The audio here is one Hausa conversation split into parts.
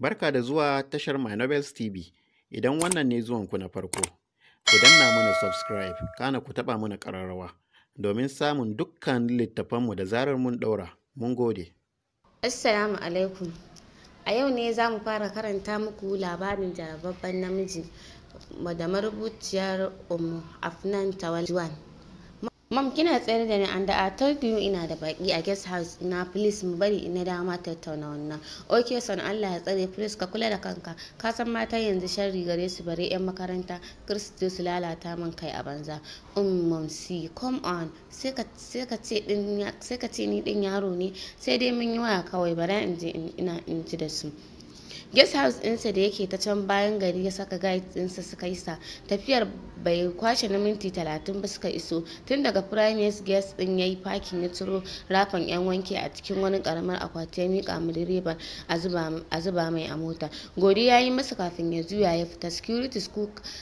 Barka da zuwa tashar My Novels TV. Idan wannan ne zuwanku na farko, ku danna mana subscribe, kana ku taɓa mana ƙararrawa, domin samun dukkan littafanmu da zarar mun ɗaura. Mun gode. Assalamu alaikum. A yau ne za mu fara karanta muku labarin jarababban namiji da marubuciyar Umu Afnan Mam kina tsayar da ni an da told ina da baki a guest house na please mu bari ina dama tattauna wannan. Okay son Allah ya tsare please ka kula da kanka. Ka san mata yanzu sharri gare su bare yan makaranta Kristo su lalata min kai a banza. Um mom si come on sai ka ce din ni din yaro ne sai dai mun yi waya kawai bara in je ina in ji da su. guest house ɗinsa da yake ta can bayan gari ya saka guide ɗinsa suka yi sa tafiyar bai kwashe na minti talatin ba suka iso tun daga primus guest ɗin ya yi parking ya turo rafan yan wanke a cikin wani karamar akwati ya miƙa mu direban a zuba mai a mota godi ya yi masa kafin ya juya ya fita securities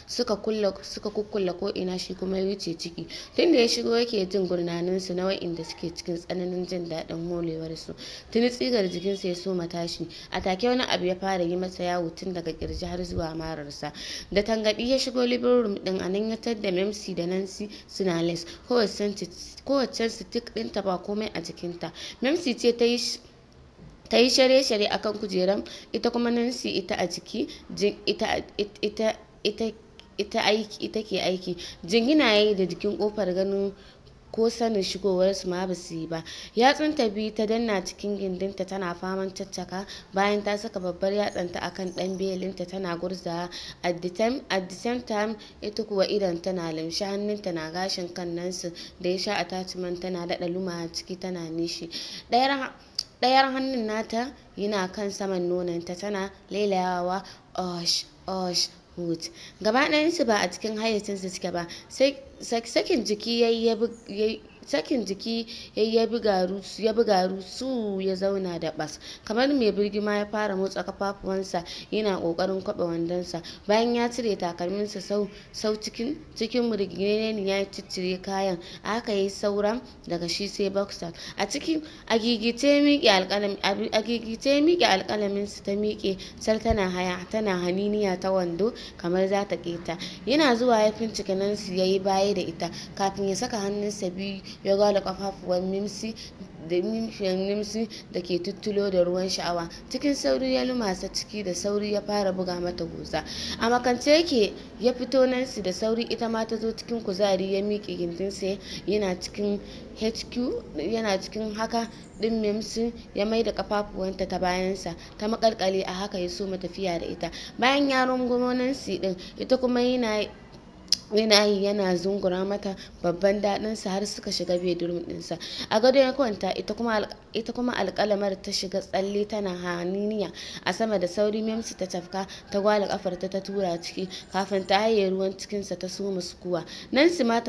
suka kukkula ko ina shi kuma ya wuce ciki tun da ya shigo yake jin gurnanin su na wa'inda suke cikin tsananin jin daɗin molewar su tuni tsigar jikinsa ya so matashi a take wani abu ya fara fara yi masa yawo tun daga kirji har zuwa mararsa da tangadi ya shigo living room din a nan ya tadda memsi da nancy suna les kowace stick ɗinta ba komai a jikinta memsi ce ta yi ta yi shirye-shirye akan kujeran ita kuma nancy ita a jiki ita ita ita ita aiki ita ke aiki jingina yayi da jikin kofar ganin ko sanin shigowarsu ma ba su yi ba yatsunta biyu ta danna cikin gindinta tana faman caccaka bayan ta saka babbar yatsanta akan dan belinta tana gurzawa at the time same time ita kuwa idan tana limshi hannunta na gashin kan nansu da ya sha attachment tana daɗa luma ciki tana nishi ɗayar hannun nata yana kan saman nonanta tana lailayawa osh osh hood gaba su ba a cikin hayyacinsu suke ba sakin jiki ya yi sakin jiki ya bi garu su ya zauna da bas kamar mai birgima ya fara motsa kafafuwansa yana kokarin kwaɓe wandonsa bayan ya cire takalminsa sau sau cikin cikin ne ya ciccire kayan aka yi sauran daga shi sai boxer a cikin agigice miƙe alƙalamin su ta miƙe sar tana haya tana haniniya ta wando kamar za ta keta yana zuwa ya fincika nan su yayi baya da ita kafin ya saka hannunsa biyu ya gwala kafafuwan mimsi da nimsi da ke tuttulo da ruwan sha'awa cikin sauri ya lumasa ciki da sauri ya fara buga mata goza a makance yake ya fito nansi da sauri ita ma ta zo cikin kuzari ya miƙe sa yana cikin hq yana cikin haka din mimsi ya mai da kafafuwanta ta bayan sa ta makalkale a haka ya so matafiya da ita bayan yaron rungumo nansi din ita kuma yana yanayi yana zungura mata babban daɗinsa har suka shiga bedroom ɗinsa a gado ya kwanta ita kuma alƙalamar ta shiga tsalle tana haniniya a sama da sauri memsi ta tafka ta gwala kafar ta ta tura ciki kafin ta haye ruwan cikinsa ta so muskuwa nansi ma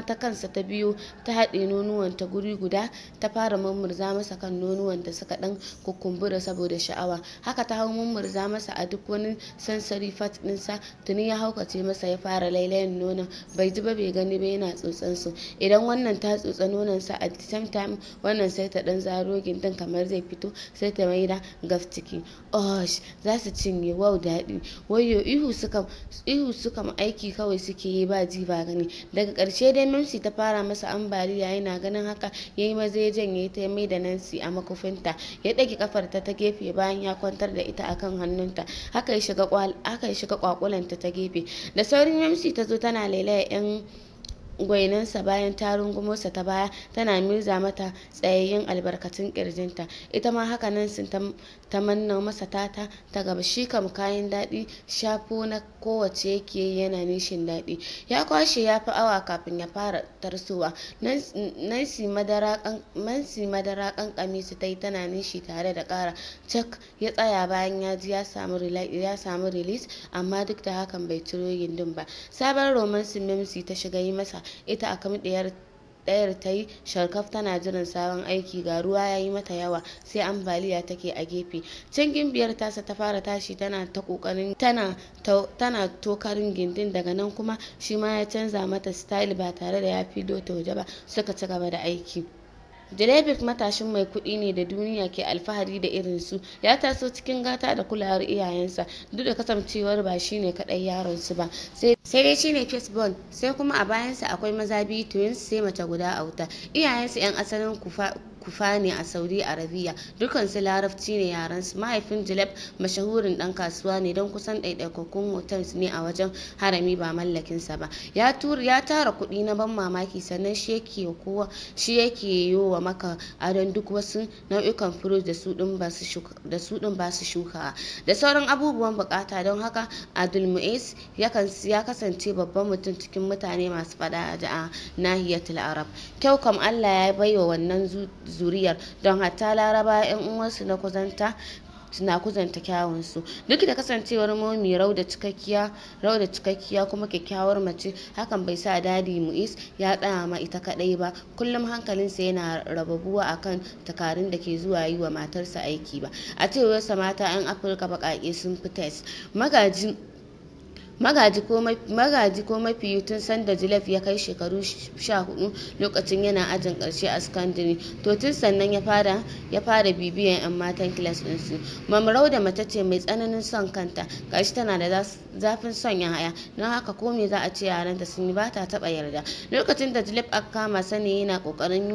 ta kansa ta biyo ta haɗe nonuwan ta guri guda ta fara mummurza masa kan nonuwan da suka ɗan kukumbura saboda sha'awa haka ta hau mummurza masa a duk wani sansari fat ɗinsa tuni ya haukace masa ya fara fara lailayin nonon bai ji ba bai gani ba yana tsotsan su idan wannan ta tsotsa nonon sa at the same time wannan sai ta dan zaro gindin kamar zai fito sai ta da gaf ciki osh za su cinye wau daɗi wayo ihu suka ihu suka aiki kawai suke yi ba ji ba gani daga ƙarshe dai Nancy ta fara masa ambaliya yana ganin haka yayi maza ya janye ta mai da Nancy a makofinta ya ɗage kafarta ta ta gefe bayan ya kwantar da ita akan hannunta haka haka ya shiga kwakulanta ta gefe da saurin Ramsey ta zo tana lailaya 'yan gwaninsa bayan ta rungumosa ta baya tana mirza mata tsayayyun albarkatun kirjinta ita ma haka nan sun tamanna masa tata ta gaba shi kam kayan daɗi shafo na kowace yake yana nishin daɗi ya kwashe ya fi awa kafin ya fara tarsowa si madara kankami su ta yi tana nishi tare da ƙara cak ya tsaya bayan ya ji ya samu release amma duk da hakan bai ciro gindin ba sabon romansu memsi ta shiga yi masa ita a kam ɗayar ɗayar ta yi sharkaf tana jiran sabon aiki ga ruwa ya yi mata yawa sai ambaliya take a gefe can gimbiyar tasa ta fara tashi tana ta kokarin tana tokarin gindin daga nan kuma shi ma ya canza mata style ba tare da ya fido ta waje ba suka ci gaba da aiki Jelebik matashin mai kuɗi ne da duniya ke alfahari da irin su ya taso cikin gata da kulawar iyayensa duk da kasancewar ba shi ne kaɗai yaron su ba sai dai shi ne firstborn sai kuma a bayansa akwai maza biyu twins sai mace guda a wuta iyayensu 'yan asalin kufa kufa a saudi arabia dukansu larabci ne su mahaifin jilab mashahurin dan kasuwa ne don kusan ɗaiɗaikakkun hotels ne a wajen harami ba mallakinsa ba ya tara kuɗi na ban mamaki sannan shi yake yi wa maka adon duk wasu nau'ikan furut da su ɗin ba su shukawa da sauran abubuwan bukata don haka abdulmu'is ya kasance babban mutum cikin mutane masu fada a nahiyar arab kyau kam allah ya baiwa wannan zuriyar don hatta laraba 'yan uwansu na kuzanta na kuzanta kyawunsu duk da kasancewar momi rauda cikakkiya cikakkiya kuma kyakkyawar mace hakan bai sa dadi mu'is ya tsaya ma ita kadai ba kullum hankalinsa yana rababuwa akan takarun da ke zuwa yi wa matarsa aiki ba a cewarsa mata 'yan afirka baƙaƙe sun fi test magajin Magaji ko yi tun sanda Jilaf ya kai shekaru 14 lokacin yana ajin ƙarshe a sakandare, to tun sannan ya fara bibiyan 'yan matan kilas ɗinsu. mamrau da mace ce mai tsananin son kanta, gashi tana da zafin son ya haya don haka ko me za a ce yaran ta sun yi ba ta taɓa yarda. Lokacin da Jilaf aka kama sani yana kokarin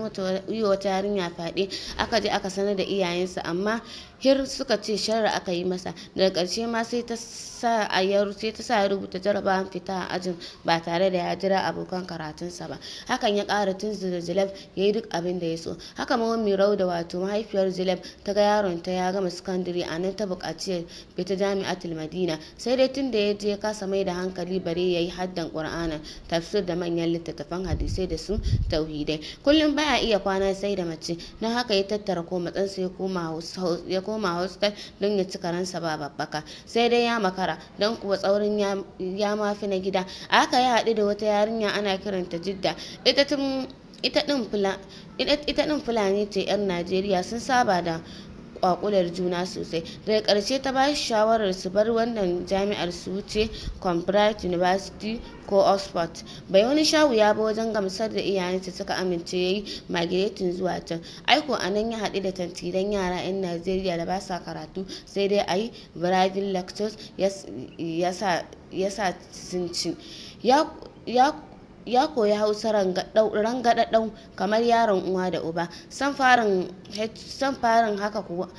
yi wata yarinya fyaɗe, aka je aka sanar da iyayensa amma hir suka ce shara aka yi masa daga ƙarshe ma sai ta sa a sai ta sa ya rubuta jarabawan fita a ajin ba tare da ya jira abokan karatunsa ba hakan ya ƙara tun zilab ya yi duk abin da ya so haka ma wani rauda wato mahaifiyar zilab ta ga yaron ta ya gama sakandare a nan ta buƙaci ya ta jami'atul madina sai dai tun da ya je kasa mai da hankali bare ya yi haddan qur'ana tafsir da manyan littattafan hadisai da su tauhidai kullum baya iya kwana sai da mace don haka ya tattara ko matsansa ya koma ya koma hostel don ya ci karansa ba babbaka sai dai ya makara don kuwa tsaurin ya mafi na gida a haka ya haɗu da wata yarinya ana kiranta jidda ita tun ɗin fulani ce 'yan najeriya sun saba da kwakular juna sosai daga ƙarshe ta ba shi shawarar su bar wannan jami'ar su wuce University ko Oxford bai wani shawu ya ba wajen gamsar da iyayensa suka amince ya yi magiretin zuwa can aiko a nan ya haɗu da tantiran yara 'yan Najeriya da ba sa karatu sai dai a yi Brazil lactose ya sa sun ci ya ya koyi hausa rangadadau kamar yaron uwa da uba san farin haka kuwa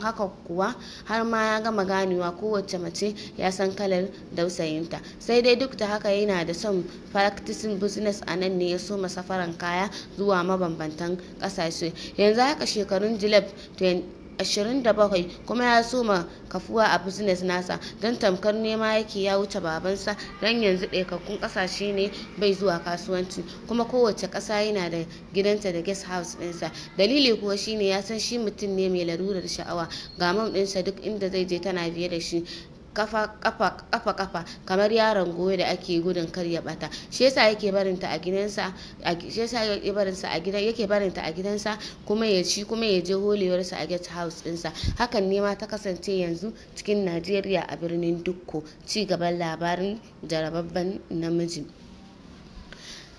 haka kuwa har ma ya gama ganewa kowace mace ya san kalar dausayinta sai dai duk da haka yana da son practicing business a nan ne ya soma safaran kaya zuwa mabambantan kasashe yanzu haka shekarun jilab 27 kuma ya soma kafuwa a business nasa don tamkar nema yake ya wuce babansa don yanzu ɗaikakkun ƙasashe ne bai zuwa kasuwanci kuma kowace ƙasa yana da gidanta da guest house ɗinsa dalili kuwa shine ya san shi mutum ne mai larurar sha'awa ga mam ɗinsa duk inda zai je tana biye da shi kafa kafa kamar yaron goyo da ake gudun kar ya bata shi yasa yake barinta a gidansa shi yake barinta a gidansa kuma ya ci kuma ya je holewarsa a guest house dinsa hakan ne ma ta kasance yanzu cikin Najeriya a birnin Dukko ci gaban labarin jarababban namiji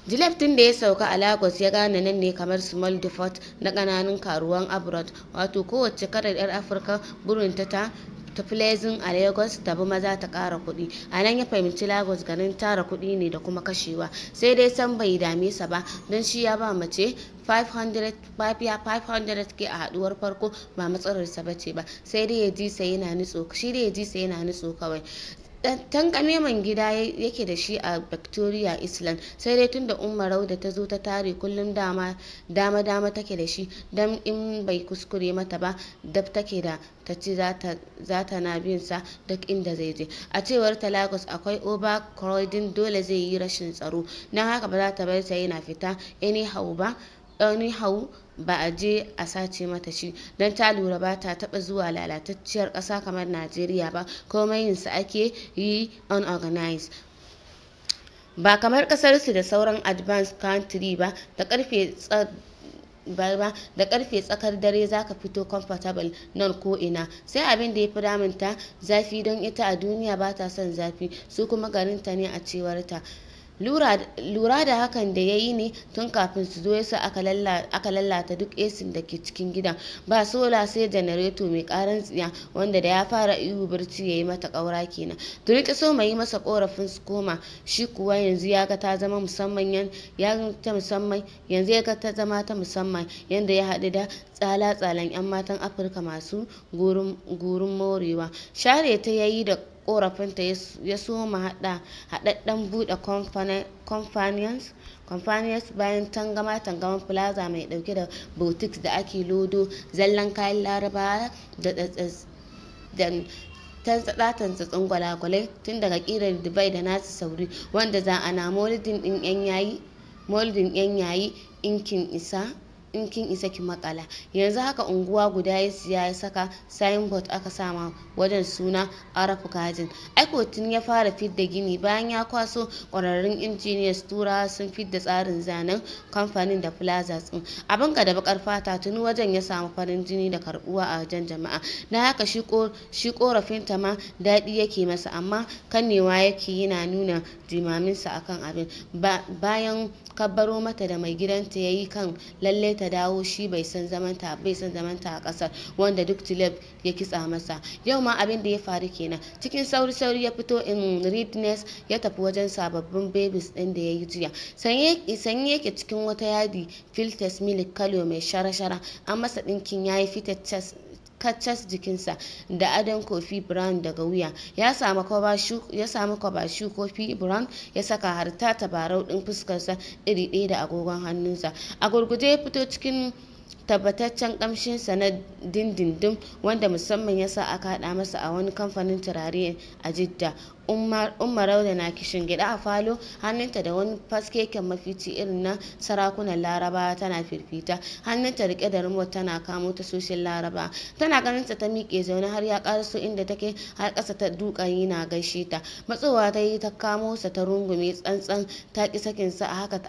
Jilef tun da ya sauka a Lagos ya gane nan ne kamar small Default na kananun karuwan abroad wato kowace karar 'yar Afirka burinta ta ta Pleasant a Lagos ta bi maza ta ƙara kuɗi. A nan ya fahimci Lagos ganin tara kuɗi ne da kuma kashewa. Sai dai san bai dame sa ba don shi ya ba mace 500 ke a haduwar farko ba matsalarsa ba ce ba sai dai ya ji sai yana nitso dai ya ji sai yana nutso kawai tankameman gida yake da shi a victoria island sai dai tunda umarau da ta zo ta tare kullum dama dama take da shi dan in bai kuskure mata ba dab take da ta ci za ta na bin sa duk inda zai je a cewar ta lagos akwai overcrowding dole zai yi rashin tsaro don haka ba za ta bar ta yana fita anyhow ba hawu ba a je a sace mata shi don ta lura ba ta taba zuwa lalatacciyar ƙasa kamar najeriya ba komai yinsa ake yi unorganized ba kamar ƙasar su da sauran advanced country ba da ƙarfe ba da karfe tsakar dare zaka fito comfortable nan ko ina sai abin da ya fi damunta zafi don ita a duniya ba ta son zafi su kuma garinta ne a cewarta lura da hakan da ya yi ne tun kafin su zo yasa aka lalata duk esin da ke cikin gidan ba sola sai janareto mai karan tsiya wanda da ya fara ihu barci ya yi mata ƙaura kenan tuni ta so mai yi masa korafin su koma shi kuwa yanzu ya ga ta zama musamman ya ta musamman yanzu ya ga ta zama ta musamman yanda ya haɗu da tsala-tsalan 'yan matan afirka masu gurin morewa share ta yayi da korafinta ya soma hada hadaddan bude companions bayan tangama tangaman plaza mai dauke da boutiques da ake lodo zallan kayan laraba da tantsatsan tsatsun gwalagwalai tun daga kirar dubai da nasu sauri wanda za a na moldin yan yayi inkin isa in kin isa ki makala yanzu haka unguwa guda ya siya ya saka signboard aka sama wajen suna arafu kajin aikotin ya fara fidda gini bayan ya kwaso kwararrun engineers tura sun fidda tsarin zanen kamfanin da plazas ɗin abin ka da bakar fata tun wajen ya samu farin jini da karbuwa a wajen jama'a na haka shi korafin ma daɗi yake masa amma kannewa yake yana nuna jimaminsa akan abin bayan kabbaro mata da mai gidanta ya yi kan lalle ta dawo shi bai san zamanta bai san zamanta a kasar wanda duk tilab ya kitsa masa yau ma abin da ya faru kenan cikin sauri sauri ya fito in readiness ya tafi wajen sababbin babies din da ya yi jiya sanye yake cikin wata yadi filters milik kalo mai shara-shara an masa ɗinkin ya yi fitacces kaccas jikinsa da adon kofi brown daga wuya ya samu kwabashu kofi brown ya saka harta ta tabarau ɗin fuskarsa iri ɗaya da agogon hannunsa a gurguje ya fito cikin tabbataccen kamshinsa na dindindin wanda musamman ya sa aka haɗa masa a wani kamfanin turare a jidda umma rauda na gida a falo hannunta da wani faskeken mafici irin na sarakunan laraba tana firfita hannunta rike da rumot tana kamo ta soshin laraba tana ganinta ta miƙe zaune har ya karaso inda take har ƙasa ta duka na gaishe ta matsowa ta yi ta kamo sa ta rungume tsantsan ta ƙi sakin sa a haka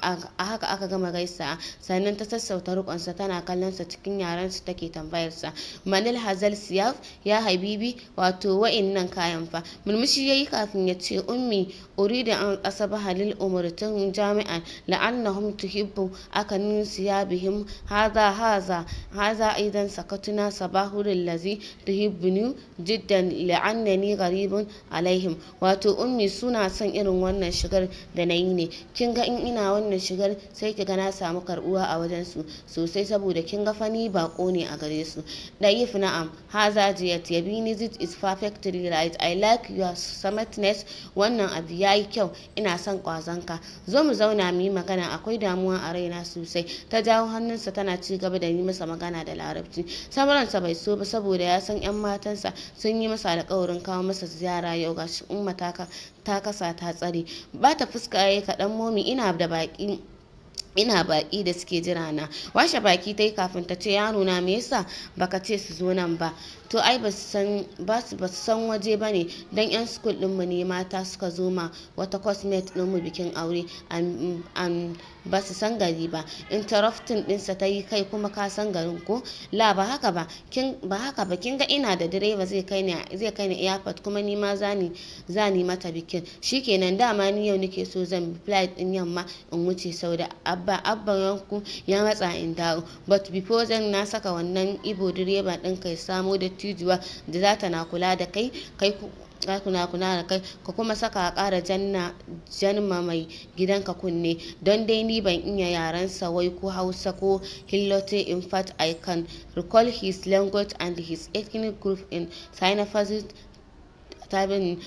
aka gama gaisa sannan ta sassauta sa tana kallon sa cikin yaren su take tambayar sa manil hazal siyaf ya habibi wato wa'innan kayan fa murmushi yayi kafin ya ce ummi urida an asaba halil umurtun jami'an la'annahum tuhibbu akanin siya bihim haza haza haza idan sakatuna sabahurul lazi tuhibbuni jiddan la'annani garibun alaihim wato ummi suna son irin wannan shigar da na yi ne kin ga in ina wannan shigar sai ki ga na samu karbuwa a wajen su sosai saboda kin ga fani bako ne a gare su dayif na'am haza jiyat yabini zit is perfectly right i like your summit atnes wannan abu ya yi kyau ina son ka zo mu zauna mu yi magana akwai damuwa a raina sosai ta jawo hannunsa tana ci gaba da yi masa magana da larabci samaransa bai so ba saboda ya san yan matansa sun yi masa alkawarin kawo masa ziyara yau shi umma ta kasa ta tsare ba ta fuska yi kaɗan momi ina da baƙi ina baki da suke jira na washe baki ta yi kafin ta ce yaro na me yasa baka ce su zo nan ba to ai ba su san waje ba ne don yan school dinmu ne mata suka zo ma wata cosmet dinmu bikin aure ba su san gari ba interrupting dinsa ta yi kai kuma ka san garin ko la ba haka ba kin ba haka ba kin ga ina da direba zai kai ni zai kai airport kuma ni ma zani zani mata bikin shi shikenan dama ni yau nake so zan flight din yamma in wuce sauda abba abba yanku ya matsa in dawo but before zan na saka wannan ibo direba din kai samo da dattijuwa da za ta na kula da kai kai kuna kuna da kai ka kuma saka a kara janna janma mai gidanka kunne don dai ni ban iya yarensa wai ko hausa ko hillote in fact i can recall his language and his ethnic group in sinophysis tabin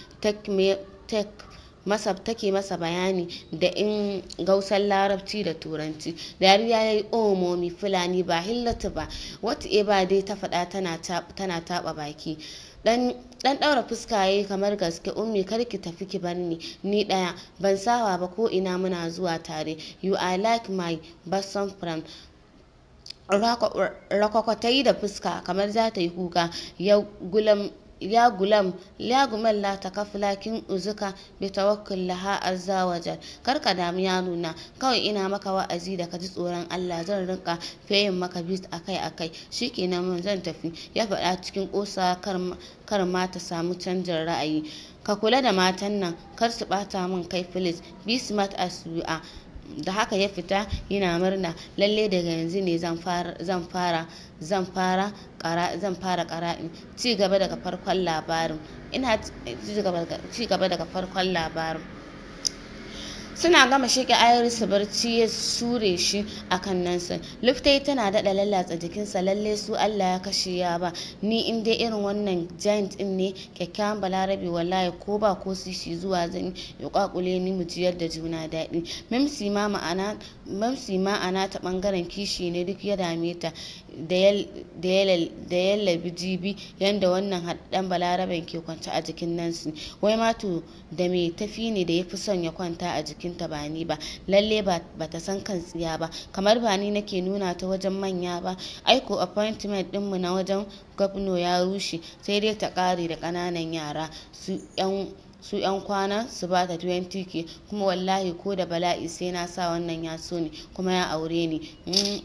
tech masa take masa bayani da in gausan larabci da turanci dariya ya yi omomi oh, fulani ba hillatu ba wata eba dai ta faɗa tana taɓa baki dan ɗaura fuska yayi kamar gaske ummi kar ki tafi ki bar ni ni daya ban sawa ba ko ina muna zuwa tare you are like my bosom friend rakwakwatai da fuska kamar za ta yi kuka ya gulam ya gulam ya gumal la takaf lakin uzuka bi tawakkul laha azza wajal kar ka damu ya nuna kawai ina maka wa'azi da ka ji tsoron Allah zan rinka feyin maka bis akai akai shikenan mun zan tafi ya faɗa cikin kosa kar ma ta samu canjin ra'ayi ka kula da matan nan kar su bata min kai please bismat asua. da haka ya fita yana murna lalle daga yanzu ne zan fara zan fara zan fara ina ci gaba daga farkon labarin suna gama shike iris barci ya sure shi a kan kannansa luftai tana daɗa lallatsa jikinsa lalle su allah ya kashe ya ba ni in dai irin wannan giant din ne kyakkyawan balarabe wallahi ko ba ko sisi zuwa zan ya kwakule ni mu jiyar da juna daɗi mamsi ma ma'ana ta ɓangaren kishi ne duk ya dame ta da ya labi jibi yadda wannan haɗɗan balaraben ke kwanta a jikin nansi wai mato da mai tafi ne da ya fi son ya kwanta a jikinta ba ni ba lalle ba ta san kan tsiya ba kamar ba ni nake nuna ta wajen manya ba aiko appointment ɗinmu na wajen gabno ya rushe sai dai ta ƙare da ƙananan yara su 'yan su yan kwana su ba ta 20 kuma wallahi ko da bala'i sai na sa wannan ya so ne kuma ya aure ni mm.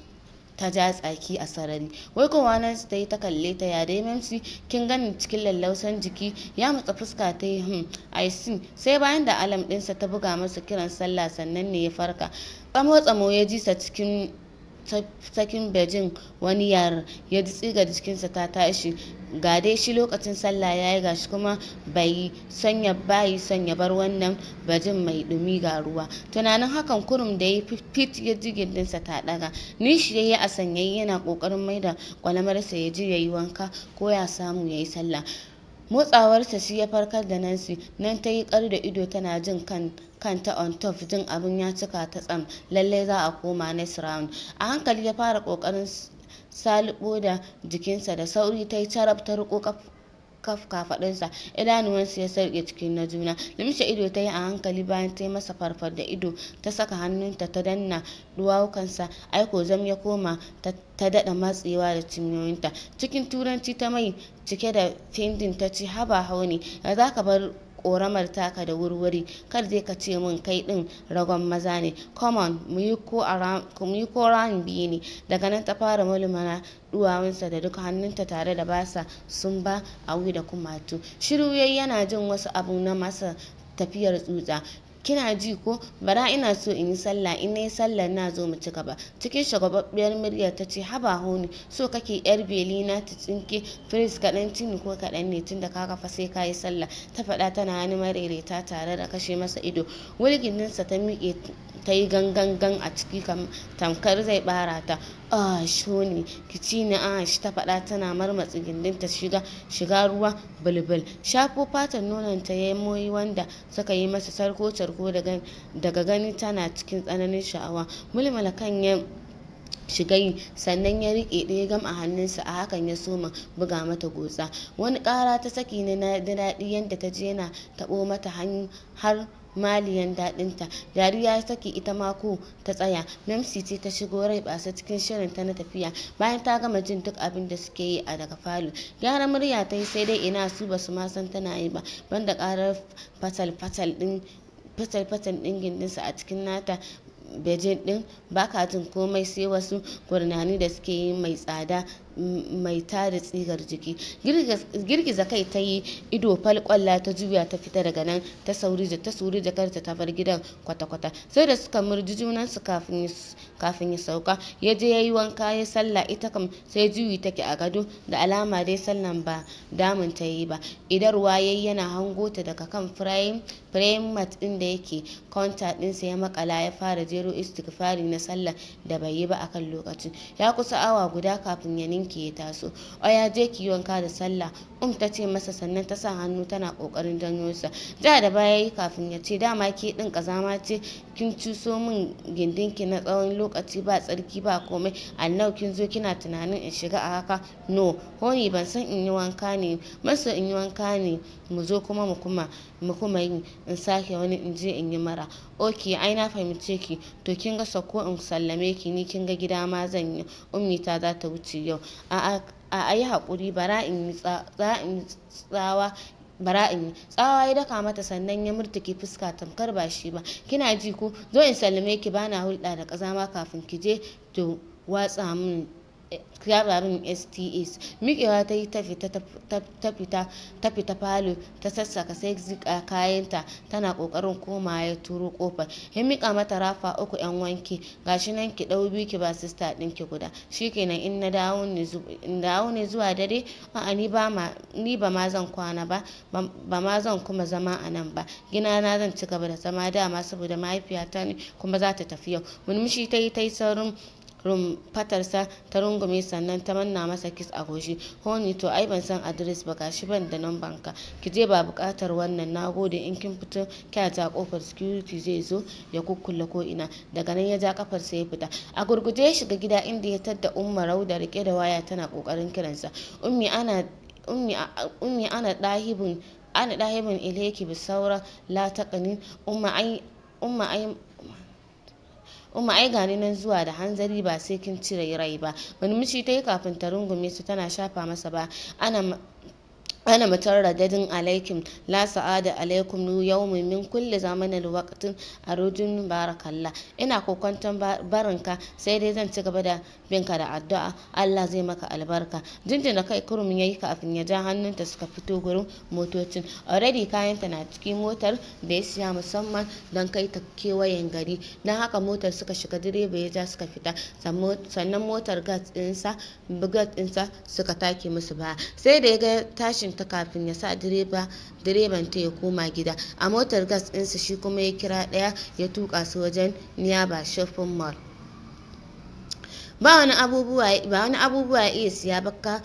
ta ja tsaki a sarari wai kowa nan ta yi ta kalle ta ya dai memsi kin gani cikin lallausan jiki ya matsa fuska ta yi hmm i sai bayan da alam ɗinsa ta buga masa kiran sallah sannan ne ya farka tsamo tsamo ya ji sa cikin sakin bejin wani yar ya tsiga jikinsa ta tashi ga dai shi lokacin sallah ya yi gashi kuma bai sanya bayi sanya bar wannan bajin mai dumi ga ruwa tunanin hakan kurum da ya fit ya ji gindinsa ta daga nishi ya yi a sanyayi yana kokarin mai maida kwalamarsa ya ji ya yi wanka ko ya samu ya yi sallah motsawarsa shi ya farkar da nansi nan ta yi kar da ido tana jin kan kanta on top jin abin ya cika ta tsam lalle za a koma next round a hankali ya fara kokarin salibo da jikinsa da sauri ta yi carab ta riko kaf kafaɗinsa ya sarge cikin na juna limshe ido ta yi a hankali bayan ta yi masa farfar da ido ta saka hannunta ta danna duwawukansa aiko zam ya koma ta daɗa matsewa da cinyoyinta cikin turanci ta mai cike da findin ta ci haba hauni da za ka bar ƙoramar taka da wurwuri kar dai ka ce min kai ɗin ragon maza ne Common mu yi ko ran biyu ne daga nan ta fara mulmana duwawunsa da duka hannunta tare da basa sun ba a da kumatu shiru yayi yana jin wasu abu na masa tafiyar tsutsa kina ji ko bara ina so in yi sallah in nayi sallah na zo mu ci gaba cikin shagwababbiyar murya ta ce haba honi so kake yar beli na ta tsinke firis kaɗan tini ko kaɗan ne tunda ka kafa sai kayi sallah ta faɗa tana wani marereta tare da kashe masa ido wulgininsa ta miƙe ta yi gangan a ciki tamkar zai bara ta ash ne kici ne shi ta faɗa tana marmatsa gindin ta shiga shiga ruwa bulbul shafo fatan nonon ta ya moyi wanda suka yi masa sarko sarko daga gani tana cikin tsananin sha'awa mulmula kan ya shiga sannan ya riƙe ɗaya gam a hannunsa a hakan ya soma buga mata gotsa wani ƙara ta saki na daɗi yadda ta je yana taɓo mata har maliyan daɗinta dariya ke ita mako ta tsaya memsi ce ta shigo rai basa cikin shirin ta na tafiya bayan ta gama jin duk abin da suke yi a daga falo gyara murya ta yi sai dai ina su basu ma san tana yi ba banda karar fatal fatal din fatal fatal a cikin nata bejin din baka jin komai sai wasu gurnani da suke yi mai tsada mai tada tsigar jiki girgiza kai ta yi ido falkwalla ta juya ta fita daga nan ta sauri da ta sauri da karta ta bar gidan kwata-kwata sai da suka murji junansu kafin ya sauka ya je ya yi wanka ya salla ita kam sai juyi take a gado da alama dai sallan ba damun ta yi ba idan ruwa yayi yana hango ta daga kan firayin firayin mat din da yake kwanta ɗinsa ya makala ya fara jero istighfari na sallah da bai yi ba akan lokacin ya kusa awa guda kafin ya ɗinki ya taso ya je ki wanka da sallah um ta ce masa sannan ta sa hannu tana ƙoƙarin janyo sa ja da baya yi kafin ya ce dama ke ɗin ƙazama ce kin cuso min gindin ki na tsawon lokaci ba tsarki ba komai annau kin zo kina tunanin in shiga a haka no honi ban san in yi wanka ne maso in yi wanka ne mu zo kuma mu kuma mu kuma yi in sake wani in je in yi mara Oke, ai na fahimce ki to kin ga sako in sallame ki ni kin ga gida ma zan yi ummi ta za ta wuce yau a a yi haƙuri bara in yi tsawa bara'in tsawa ya daka mata sannan ya murtuke fuska tamkar ba shi ba kina ji ko zo in sallame ki bana hulɗa da ƙazama kafin ki je to watsa min raba sts STAs. Miƙewa ta yi ta fita ta falo ta sassaka sai zika kayanta tana ƙoƙarin koma ya turo kofar Ya miƙa mata rafa uku 'yan wanki gashi nan ki dau biyu ki ba sista ki guda. Shikenan in na dawo ne zuwa dare a'a ni ba ma zan kwana ba ba ma zan kuma zama a nan ba. Gina na zan ci gaba da zama dama saboda mahaifiyata ne kuma za ta tafi yau. Murmushi ta yi ta yi saurin rumfatarsa ta rungume sannan ta manna masa kis a goshi honi to ai ban san adres ba shi ban da nan ka ki je ba bukatar wannan na gode in kin fito kyata kofar security zai zo ya kukkulle ko ina daga nan ya ja kafar sai ya fita a gurguje ya shiga gida inda ya tadda umma rauda rike da waya tana kokarin kiransa ummi ana ummi ummi ana dahibin ana dahibin ilayki bi saura la taqani umma ai umma ai umma ai gani nan zuwa da hanzari ba sai kin cire rai ba murmushi ta yi kafin ta rungume su tana shafa masa ba ana radadin alaikum la sa'ada alaikum nu yau من kulle zamanin الوقت a بارك barakalla ina kokwanton barinka sai dai zan ci gaba da binka da addu'a Allah zai maka albarka jinjin da kai kurum yayi kafin ya ja hannunta suka fito gurin motocin already kayanta na cikin motar da ya siya musamman don kai ta kewayen gari don haka motar suka shiga direba ya ja suka fita sannan motar gas ɗinsa suka take musu ba sai da ya ga tashin ta kafin ya sa direba direban ta ya koma gida a motar gas ɗinsa shi kuma ya kira ɗaya ya tuka su wajen niyaba shafin mall ba wani abubuwa ya iya siya baka